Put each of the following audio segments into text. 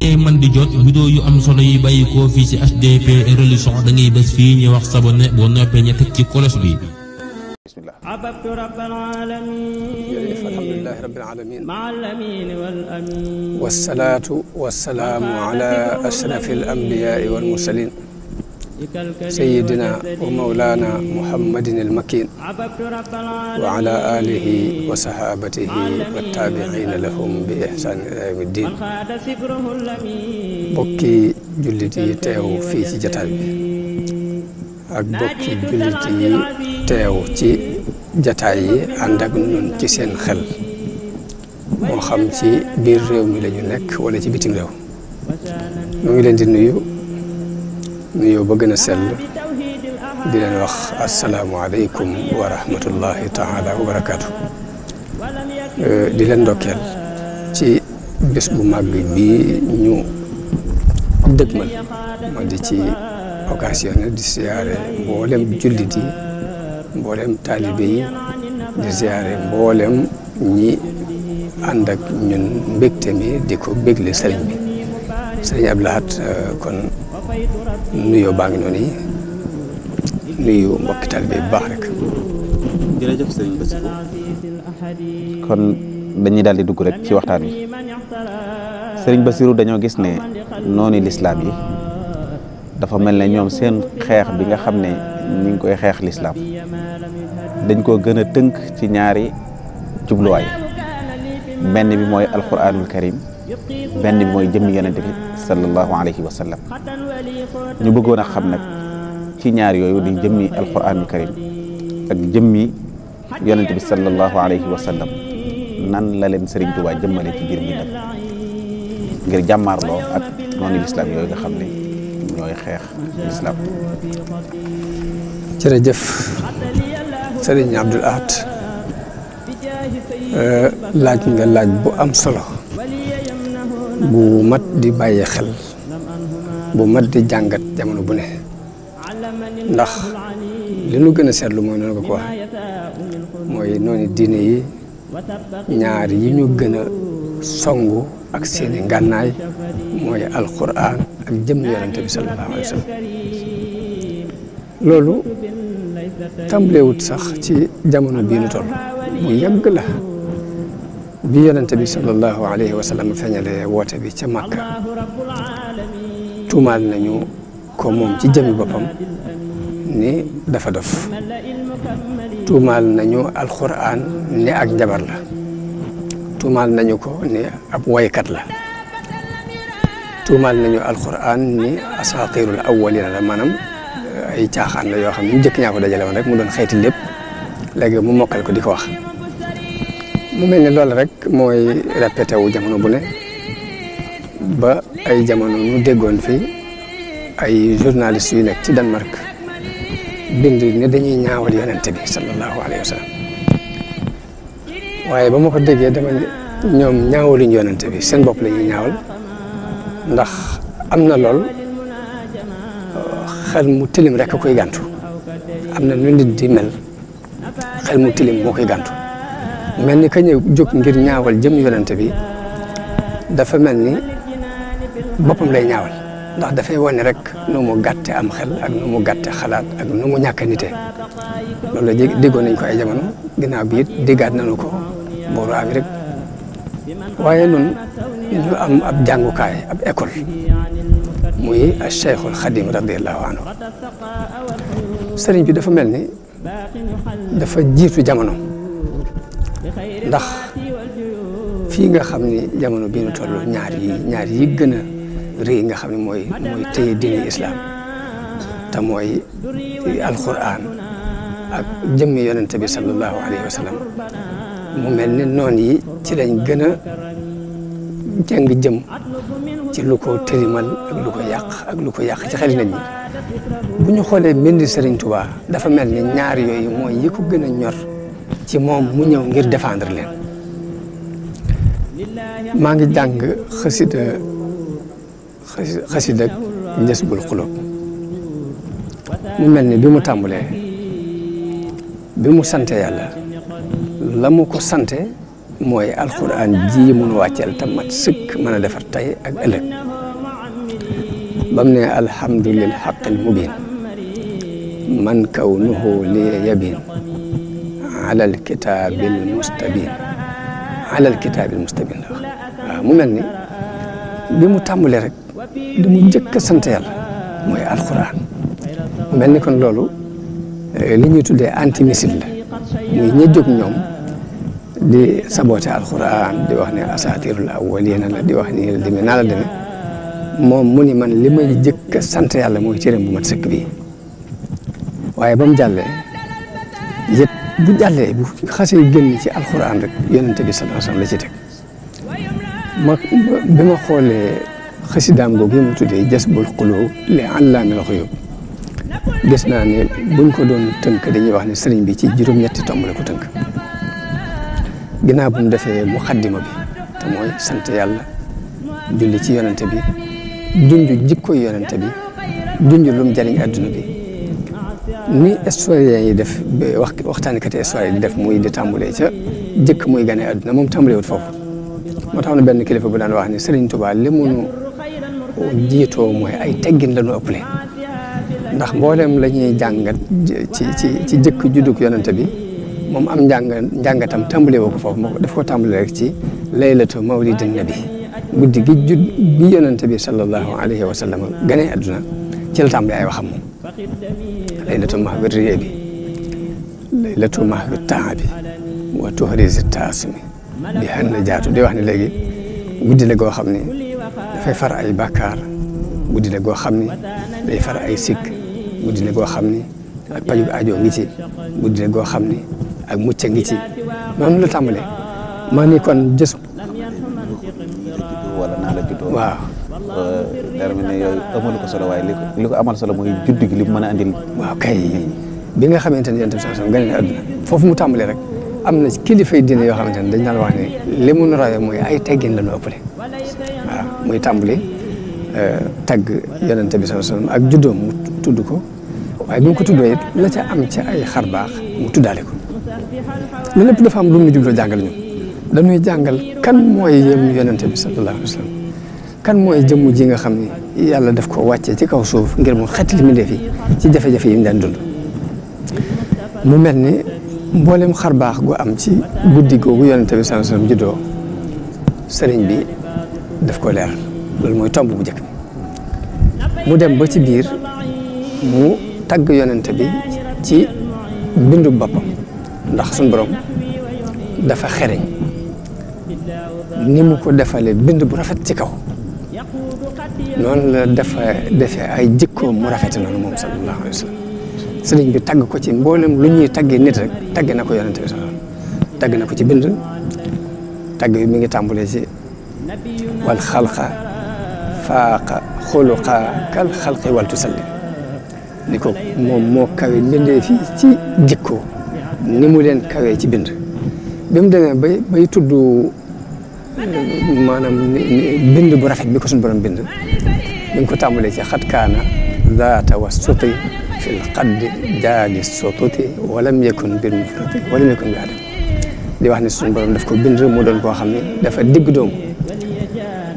tey man di jot yu am solo yi bàyyi koo fii ci HDP religion da ngay bés fii ñu wax sabone boo noppee ña teg ci kolos bi bismillah abadtu rabbal alamin wa salaatu wa salaamu ala ashrafil sayidina wa mawlaana muhammadin almakin wa ala wa sahaabatihi wa taabiciina lahum bi ihsaan ila yawmi bokki jullit yi teew fii ci jataay bi ak bokki jullit yi teew ci jataay yi ànd ak ñun ci seen xel moo xam ci biir réew mi la ñu nekk wala ci bitim réew mu ngi leen nuyu nuyoo ba gën a sell di leen wax asalaamualeykum wa rahmatullahi taala wa barakaatu euh, di leen ndokkeel ci bés bu màgg bi ñu dëgmal ma di ci occasion di siyaare mboolem jullit yi mboolem taalibe yi di siyaare mboolem ñi ànd ak ñun mbégte mi di ko bégle sëriñ bi sëriñ Abdou Lahad euh, kon nuyoo baa ngi noonu yi nuyu mbokki bi baax rek. kon dañuy daal di dugg rek ci waxtaan wi sëriñ Bassirou dañoo gis ne noonu lislaam yi dafa mel ne ñoom seen xeex bi nga xam ne ñu ngi koy xeex lislaam dañ koo gën a tënk ci ñaari cubluwaay benn bi mooy alquranul karim benn bi mooy jëmmi yonente bi sallallahu alayhi wa sallam ñu bëggoon a xam nag ci ñaar yooyu di jëmmi alquranul karim ak jëmmi yonente bi sallallahu alayhi wa sallam nan la leen ko waa jëmmale ci biir mi def ngir jàmmaarloo ak noonu lislaam yooyu nga xam ne ñooy xeex lislaam jërëjëf Serigne Abdoul Ahad euh, laaj nga laaj bu am solo bu mat di bàyyi xel bu mat jàngat jamono bu ne ndax li nu gën a seetlu mooy noonu ko ko wax mooy noonu diine yi ñaar yi ñu gën a songu ak seeni ngànnaay mooy alquran ak jëm yonente bi sax ci jamono bii nu toll bu yàgg la bi yonente bi sallallahu alayhi feeñale woote bi ca Makka tuumaal nañu ko moom ci jëmi boppam ni dafa dof tuumaal nañu alxuraan ni ak njabar la tuumaal nañu ko ni ab waykat la tuumaal nañu alxuraan ni asatirul awwalina la maanaam euh, ay caaxaan la yoo xam ne ñu njëkk ñaa ko dajale woon rek mu doon xeeti lépp léegi mu mokkal ko di ko wax mu mel ni loolu rek mooy répété wu jamono bu ne ba ay jamono ñu déggoon fi ay journalistes yu nekk ci Danemark bind ne dañuy ñaawal yonente bi sallallahu alayhi wa sallam waaye ba ma ko déggee dama ñoom ñaawaluñ yonente bi seen bopp la ñuy ñaawal ndax am na lool xel mu tilim rek a koy gantu am na lu nit di mel xel mu tilim moo koy gantu mel ni ka ñëw ngir ñaawal jëm yonente bi dafa mel ni boppam lay ñaawal ndax dafay wane rek nu mu gàtte am xel ak nu mu gàtte xalaat ak nu mu ñàkk nite loolu la déggoon nañ ko ay jamono ginnaaw bi it déggaat nañu ko booru ami rek waaye nun ñu am ab jàngukaay ab école muy Cheikhul Khadim radiallahu anhu sëriñ bi dafa mel ni dafa jiitu jamono ndax fii nga xam ni jamono bii nu toll ñaar yi ñaar yi gën a rëy nga xam ne mooy mooy téye diine islaam te mooy alquran ak jëmmi yonent bi sallallahu alayhi mu mel ni noon yi ci lañ gën a jàng jëm ci lu ko tërimal ak lu ko yàq ak lu ko yàq ci xel nit ñi bu ñu xoolee mbind Sëriñ Tuubaa dafa mel ni ñaar yooyu mooy yi ko gën a ñor ci moom mu ñëw ngir défendre leen maa ngi jàng xasida قصيدة نسب القلوب نملني بمو تامولي بمو سانتي يالا لامو كو سانتي موي القران دي من واتيال تمات سك مانا دافر تاي اك الك الحمد للحق المبين من كونه لي يبين على الكتاب المستبين على الكتاب المستبين آه، مملني بمو تامولي رك li mu njëkk a sant mooy alxuraan mel ni kon loolu eh, li ñuy tuddee antimissile la muy ña jóg ñoom di saboté alxuraan di wax ne asaatirul awwaliina la di wax nii la demee naa la demee moom mu ni man li ma njëkk a sant yàlla mooy cëram bu mat sëkk bi waaye ba mu jàllee yëpp bu jàllee bu xasee génn ci alxuraan rek yonente bi sallallahu alayhi wasallam la ci teg ma ma xoolee. xasidaam googu mu tuddee jasbul xulóo li allaamil xuyuub gis naa ne buñ ko doon tënk dañuy wax ne sëriñ bi ci juróom-ñetti tomb la ko tënk ginnaaw bu mu defee muqaddima bi mooy sant yàlla julli ci yonante bi junj jikko yonante bi junj lum jariñ àdduna bi ni historien yi def wax waxtaanikati histoire yi di def muy di tàmbulee ca jëkk muy gane àdduna moom tàmbalewut foofu moo tax na benn kilifa bu daan wax ni sëriñ Tuubaa li mu jiitoo mooy ay teggin la ñu ndax mboolem lañuy ñuy jàngat ci ci ci jëkk juddug yonente bi moom am njàng njàngatam tàmbale woo ko foofu moo daf ko tàmbale rek ci laylatu mawlidin nabi guddi gi jud gi la tàmbale ay waxam moom laylatu mahwi riye bi laylatu mahwi taa bi wa tuhrisi taasmi bi xan na jaatu di wax ne léegi guddi la goo xam ne dafay far ay bàkkaar guddi la goo xam ni day far ay sikk guddi la goo xam ni ak pajub ajoo ngi ci guddi la goo xam ni ak mucc ngi ci noonu la tàmbale maa ni kon jës wala naa la juddoo waaw dara mi ko solo waaye li ko amal solo mooy judd gi li mu mën a andil waaw bi nga xamante ne yonent bi sallallahu mu tàmbalee rek am na kilifay diine yoo xamante ne dañ daan wax ne li mu nu mooy ay teggin la ñu ëppale muy tàmbali euh, tagg yonente bi sallallahu alayhi ak juddoom mu tudd ko waaye bi mu ko tuddee it la ca am ci ay xar baax mu tuddaale ko loolu lépp dafa am lu mu jàngal ñun dañuy jàngal kan mooy yem yonente bi kan mooy jëmm ji nga xam ni yàlla daf ko wàccee ci kaw suuf ngir mu xet li mu def ci jafe-jafe yi mu daan dund mu mel ni mboolem xar baax gu am ci guddi googu yonente bi sallallahu alayhi juddoo sëriñ bi def ko leeral loolu mooy tomb bu njëkk mu dem ba ci biir mu tagg yonent bi ci bindu boppam ndax suñ borom dafa xereñ ni mu ko defale bind bu rafet ci kaw noonu la dafa defee ay jikkoom mu rafet noonu moom sallallahu alayhi wa sallam sëriñ bi tagg ko ci mboolem lu ñuy taggee nit rek tagg na ko yonent bi sallallahu tagg na ko ci bind tagg mu ngi tàmbulee si wal xalqa faaqa xuluqa kal xalqi wal tusallim ni ko moom moo kawe mbindee fii ci jikko ni mu leen kawee ci bind bi mu demee bay tudd eh, maanaam bind bu rafet bi ko suñu borom bind mi ngi ko tàmbalee ci xat kaana zaata wa suti fi l xaddi jaali sotuti walam yekun bir mufrati walam yekun bi adam di wax ni suñu borom daf ko bind mu doon koo xam ne dafa digg doomu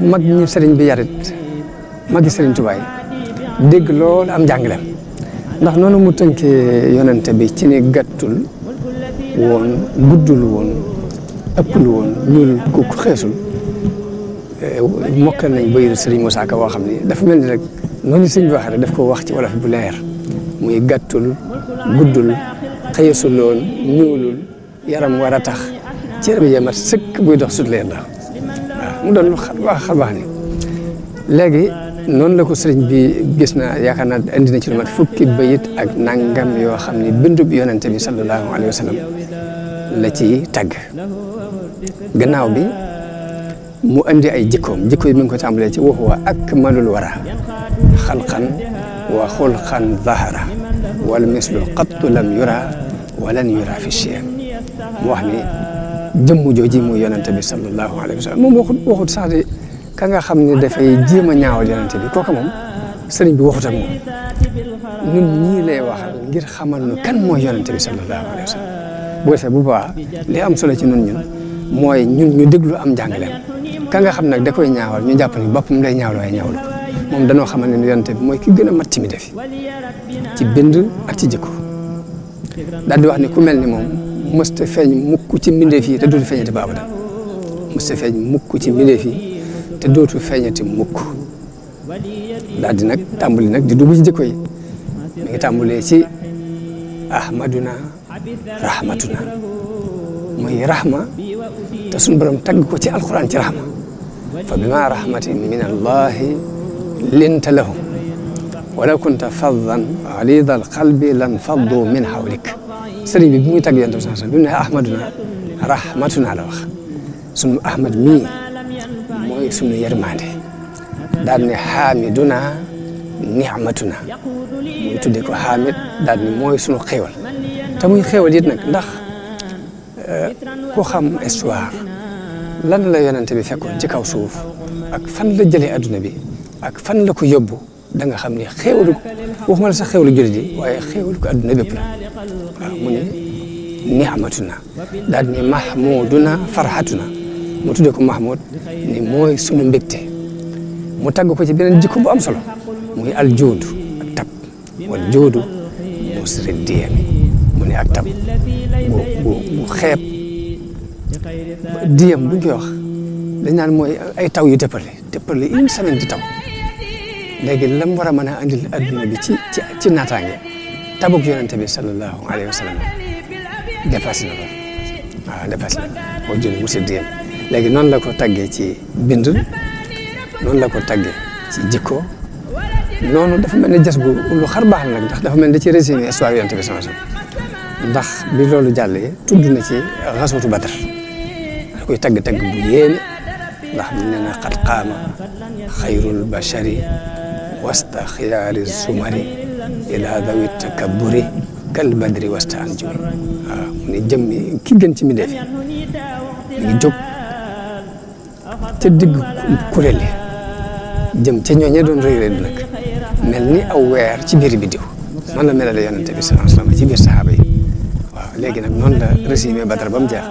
mag ñu sëriñ bi yarit magi sëriñ Tuubaa yi dégg loolu am njàngaleem ndax noonu mu tënkee yonente bi ci ni gàttul woon guddul woon ëppul woon loolu ku xeesul eh, mokkal nañ ba yëngu sëriñ Moussa Ka woo xam ni dafa mel ni rek noonu sëñ bi waxee rek daf ko wax ci wolof bu leer muy gàttul guddul xeesuloon ñuulul yaram war a tax cër bi yemat sëkk buy dox sut leer la mu doon lu xar baax ni léegi noonu la ko sëriñ bi gis na yaakaar naa indi na ci lu mat fukki bayit ak nangam yoo xam ni bindub yonente bi sallallahu alayhi wa sallam la ci tàgg gannaaw bi mu indi ay jikkoom jikko yi mi ngi ko tàmbalee ci waxuwa ak malul wara xalqan wa xulqan zahara wal mislu qattu lam yura walan yura fi shiyam mu wax ni jëmm jooji muy yonente bi sallallahu alayhi wa sallam moom waxut waxut sax de ka nga xam ni dafay jéem a ñaawal yonente bi kooka moom sëriñ bi waxut ak moom ñun ñii lay waxal ngir xamal nu kan mooy yonente bi bu defee bu am solo ci nun ñun mooy ñun ñu déglu am njàngaleem ka nga xam nag da koy ñaawal ñu jàpp ni boppam lay ñaawlu waaye ñaawlu moom danoo xamal ni yonente bi mooy ki gën a mat ci mi def ci bind ak ci jikko daal di wax ni ku mel ni moom mësta feeñ mukk ci mbindeef yi te dootu feeñati ba abada mësta feeñ mukk ci mbindeef yi te dootu feeñati mukk daal di nag tàmbali nag di dugg ci jikko yi mi ngi tàmbalee ci ahmaduna rahmatuna muy rahma te suñu borom tagg ko ci alquran ci rahma fa bima rahmatin min allahi linta lahum walaw kunta faddan ghalida alqalbi lan faddu min hawlik sëriñ bi bi muy tagg yonent bi sax bi mu ne ahmaduna rahmatuna la wax sunu ahmad mii mooy sunu yërmande daal ne xaamiduna ni'matuna muy tuddee ko xaamid daal ni mooy sunu xéewal te muy xéewal it nag ndax eh, ku xam histoire lan la yonent bi fekkoon ci kaw suuf ak fan la jëlee adduna bi ak fan la ko yóbbu da xam ne xéewalu waxuma la sax xéewalu jullit yi waaye xéewalu ko adduna bépp la waaw mu ne nixmatuna daal di ne mahmuduna farhatuna mu tuddee ko mahmud ni mooy sunu mbégte mu tagg ko ci beneen jikko bu am solo muy al joodu ak tab wal joodu mu ne ak tab bu bu bu xeeb diyam buñ koy wax dañ naan mooy ay taw yu tëppale tëppale une semaine di taw léegi lam war a mën a andil adduna bi ci ci naataange tabug yonente bi sallallahu alayhi wa sallam dépassé na ko waaw dépassé na ko moo jël musi diyam léegi noonu la ko taggee ci bind noonu la ko taggee ci jikko noonu dafa mel ne jas bu lu xar baax la nag ndax dafa mel ne da ci résumé histoire yonente bi sallallahu alayhi wa sallam ndax bi loolu jàllee tudd na ci xaswatu Badar da koy tagg-tagg bu yéene ndax mu ne na xat qaama xayrul bashari wasta xiyaari sumari ilaa dawi takabburi kal badri wastaan jub waaw ah, mu jëmmi ki gën ci mi defi mi ngi jóg digg kuréel yi jëm ca ñooñe doon rëy rëy nag mel ni aw weer ci biir biddiw noonu la melale yonente bi sallallahu alayhi ci biir saxaaba yi léegi nag noonu la résumé Badar ba mu jeex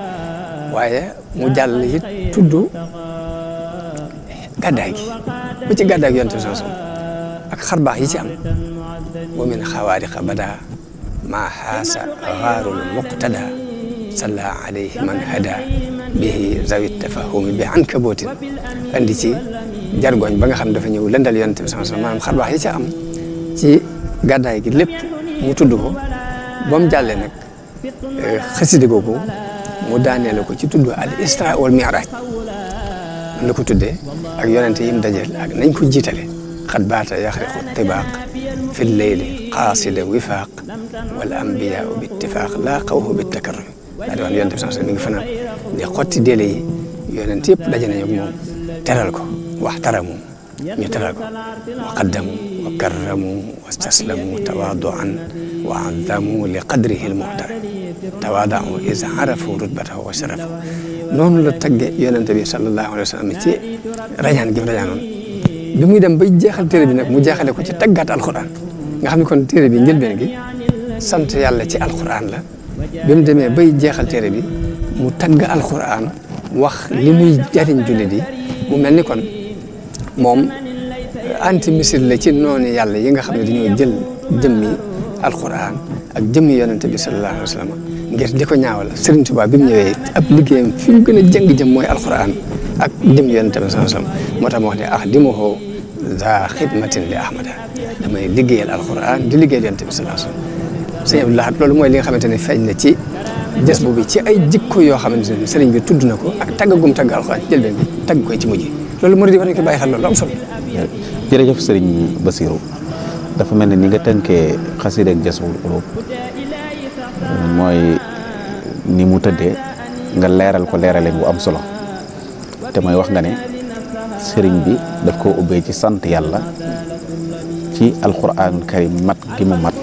waaye mu jàll it tuddu gàddaay gi ba ci gàddaay gi yonente bi sallallahu alayhi wasallam ak yi ci am wa min xawaariqa bada ma xaasa xaarul muqtada salla alayhi man hada bihi zawit tafahumi bi ankabootin andi ci jargoñ ba nga xam dafa ñëw lëndal yonent bi sama sama maanaam xar baax yi ca am ci gàddaay gi lépp mu tudd ko ba mu jàllee nag eh, xasida googu mu daaneele ko ci tudd al isra wal mi'raj la ko tuddee ak yonente yi mu dajeel ak nañ ko jiitale قد بعث يخرق الطباق في الليل قاصد وفاق والانبياء باتفاق لاقوه بالتكرم هذا يعني يونس صلى الله عليه وسلم دي قوت ديلي يونس تيب دجنا واحترموا يترالكو وقدموا وكرموا واستسلموا تواضعا وعظموا لقدره المحترم تواضعوا اذا عرفوا رتبته وشرفه نون لتق يونس صلى الله عليه وسلم تي رجعن bi muy dem bay jeexal téere bi nag mu jeexale ko ci taggaat alxuraan nga xam ne kon téere bi njëlbeen gi sant yàlla ci alxuraan la bi mu demee bay jeexal téere bi mu tagg alxuraan wax li muy jariñ jullit yi mu mel ni kon moom anti misil la ci noonu yàlla yi nga xam ne dañoo jël jëmmi alxuraan ak jëmmi yonente bi sallallahu alayhi wa sallam ngir di ko ñaawal Serigne Touba bi mu jëng jëm mooy alxuraan ak jëmmi yonente bi moo tax ma wax ne ah di ma za xidmatin li ahmada damay liggéeyal alquran di liggéeyal yonent bi sallallahu alayhi wasallam sëñ Abdoulahat loolu mooy li nga xamante ne feeñ na ci des bi ci ay jikko yoo xamante ne sëriñ bi tudd na ko ak taggagum tagg alquran jël benn bi tagg koy ci mujj loolu murid yi war nañ ko bàyyi xel loolu am jërëjëf sëriñ Basirou dafa mel ne ni nga tënkee xasida ak jasbul qulub mooy ni mu tëddee nga leeral ko leeraleen bu am solo te mooy wax nga ne sëriñ bi daf koo ubbee ci sant yàlla ci alquranul karim mat gi mu mat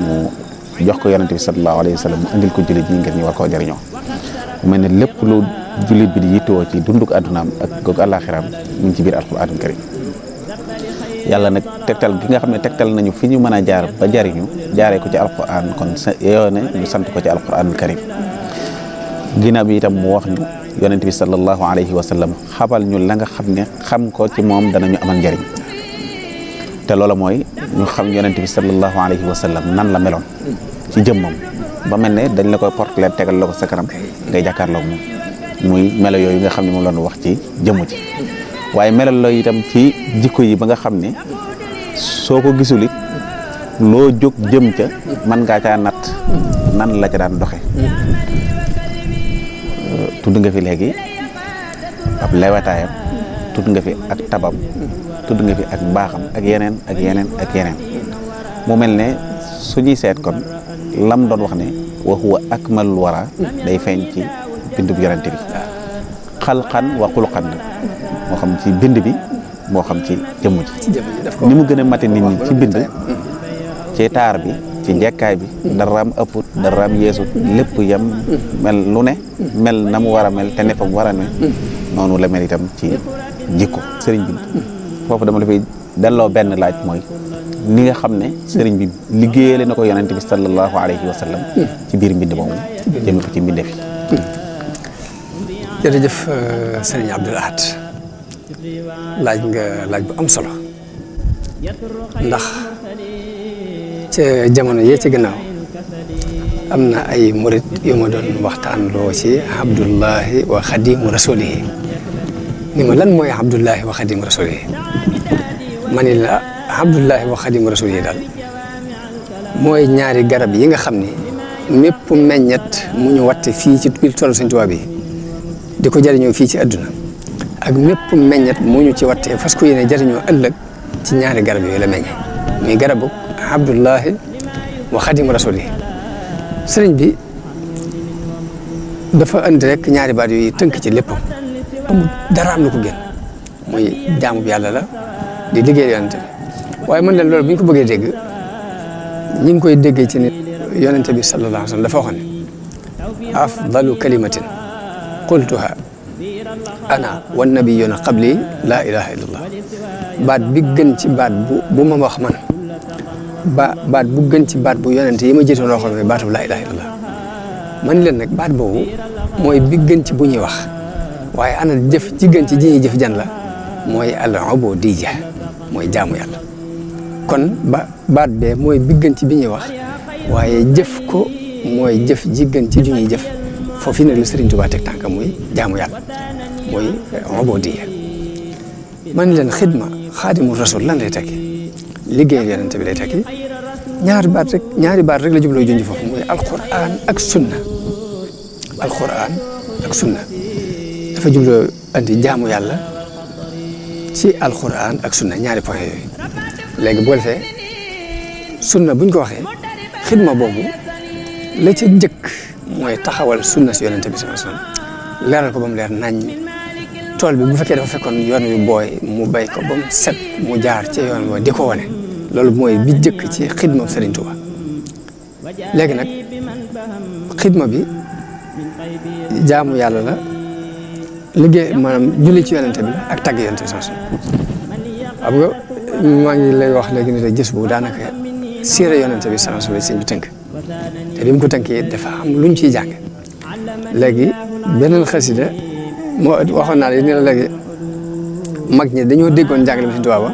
mu jox ko yonente bi sallallahu alayhi wa sallam mu indil ko jullit ñi ngir ñu war koo jëriñoo mu mel ne lépp lu jullit bi di yittewoo ci dunduk àddunaam ak googu àllaaxiraam ci biir alquranul karim yàlla nag tegtal gi nga xam ne tegtal nañu fi ñu mën a jaar ba jariñu jaare ko ci alquran kon sa ne ñu sant ko ci alquranul karim ginnaaw bi itam mu wax ñu yonent bi sallallahu alayhi wa sallam xabal ñu la nga xam ne xam ko ci moom danañu amal njariñ te loola mooy ñu xam yonent bi sallallahu alayhi wa sallam nan la meloon ci jëmmam ba mel ne dañ la koy portlet tegal la ko sa kanam ngay jàkkaarloog moom muy melo yooyu nga xam ne moom la ñu wax ci jëm ci waaye melal la itam ci jikko yi ba nga xam ne soo ko gisul it loo jóg jëm ca man ngaa caa natt nan la ca daan doxe tudd nga fi léegi ab lewetaayam tudd nga fi ak tabam tudd nga fi ak baaxam ak yeneen ak yeneen ak yeneen mu mel ne su ñuy seet kon lam doon wax ne wa huwa akmalul wara day feeñ ci bind yonente bi xalqan wa xulqan moo xam ci bind bi moo xam ci jëmm ji ni mu gën a nit ñi ci bind ci taar bi ci njekkaay bi daraam ëpput daraam yeesut lépp yam mel lu ne mel na mu war a mel te ne fa mu war a ne noonu la mel itam ci jikko sëriñ bi foofu dama dafay delloo benn laaj mooy ni nga xam ne sëriñ bi liggéeyale na ko yonente bi sallallahu alayhi wa sallam ci biir mbind moomu jëme ko ci mbindeef yi jërëjëf euh, sëriñ Abdul Ahad laaj nga laaj bu am solo ci jamono yee ci gannaaw am na ay murit yu ma doon waxtaan loo ci Abdullahi wa Xadimu Rasulihi ni ma lan mooy Abdullahi wa Xadimu Rasulihi ma ni la Abdullahi wa Xadimu Rasulihi daal mooy ñaari garab yi nga xam ni mépp meññet mu ñu watte fii ci biir toolu Sëñ bi di ko jëriñoo fii ci àdduna ak mépp meññet mu ñu ci watte fas ko yéene jariñoo ëllëg ci ñaari garab yooyu la meññe muy garabu abdullahi wa xadimu rasuli sëriñ bi dafa andi rek ñaari baat yi tënk ci lépp amul dara am lu mooy jaamu bi yàlla la di liggéey yonente waaye mën leen loolu bi ñu ko bëggee dégg ñi ngi koy déggee ci ne yonente bi sallallahu alayhi wa sallam dafa waxoon ne afdalu kalimatin qultuha ana wan qabli laa ilaha illallah baat bi gën ci baat bu bu wax man ba baat bu gën ci baat bu yonente yi ma jiite loo xam ne baatu laa leen nag baat boobu mooy bi gën ci bu ñuy wax waaye ana jëf ji ci ji ñuy jëf jan la mooy al ubudiyya mooy jaamu yàlla kon ba baat bee mooy bi bi ñuy wax waaye jëf ko mooy jëf ji gën ci ju ñuy jëf foofu nag la Sëriñ Tuubaa teg tànk muy jaamu yàlla mooy ubudiyya man leen xidma xaadimu rasul lan lay tekki liggéey liggéeyal yonent bi lay tekki ñaari baat rek ñaari baat rek la jubloo junj foofu mooy alquran ak sunna alquran ak sunna dafa jubloo andi jaamu yàlla si alquran ak sunna ñaari point yooyu léegi boo defee sunna buñ ko waxee xidma boobu la ca njëkk mooy taxawal sunna si yonent bi sallallahu alayhi leeral ko ba mu leer naññ tool bi bu fekkee dafa fekkoon yoon wi booy mu bay ko ba mu set mu jaar ca yoon wa di ko wane loolu mooy bi jëkk ci xidma Sëriñ Tuuba léegi nag xidma bi jaamu yàlla la liggéey maanaam julli ci yonente bi la ak tagg yonente bi soosu xam nga maa lay wax léegi ne la boobu daanaka siira yonente bi soosu la sëñ bi tënk te bi mu ko tënkee dafa am luñ ciy jàng léegi beneen xasida moo waxoon naa ne ne la mag ñi dañoo déggoon njàngale si tubaab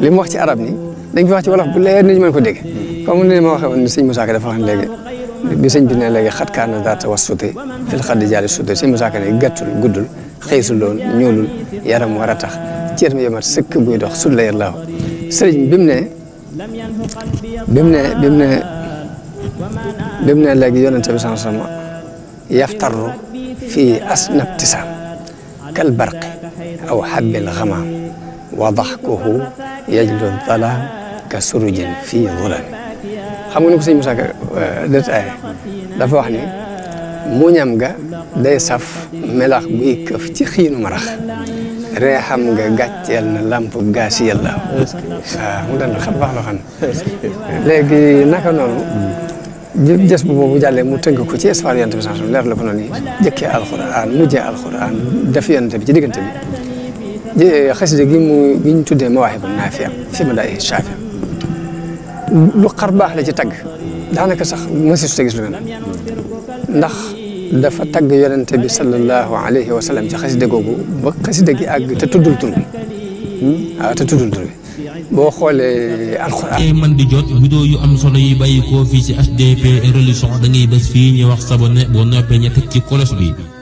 li mu wax ci arab ni dañ fi wax ci wolof bu leer nit ñi mën ko dégg comme ni ma waxee woon sëñ Moussa Ka dafa wax léegi bi sëñ bi ne léegi xat kaa na daata was suute fil xaddi jaali suute sëñ Moussa Ka ne gàttul guddul xëysul loon ñuulul yaram war a tax ceet ma yomat sëkk buy dox sud la yar laaw sëriñ bi mu ne bi mu ne bi ne bi mu léegi yonente bi san sama yaftarru fii asnab tisaam كالبرق أو حب الغمام وضحكه يجل الظلام كسرج في ظلم خمو نكسي مساك دت آية دفوحني مونيام داي صف ملاخ بيك في تخين مرخ ريحم غا غات يلنا لامب غاسي يلا فمودان خبه لغن لغي نكا نونو jës bu boobu jàllee mu tënk ko ci histoire yonent bi sax leer la ko noonu jëkkee alxuraan mujjee alxuraan def yonent bi ci diggante bi xasida gi mu gi ñu tuddee Mawaahibu Naafiya fi ma daay Shaafi lu xar baax la ci tagg daanaka sax mësisu te gis lu mel ndax dafa tagg yonent bi sallallahu alayhi wa sallam ci xasida googu ba xasida gi àgg te tuddul tur waaw hmm? ah, te tuddul tur bi boo xoolee alxuraan. tey man di jot vidéo yu am solo yi bàyyi koo fii ci HDP religion da ngay bés fii ñu wax sabonné boo noppee ñu ci kolos bi.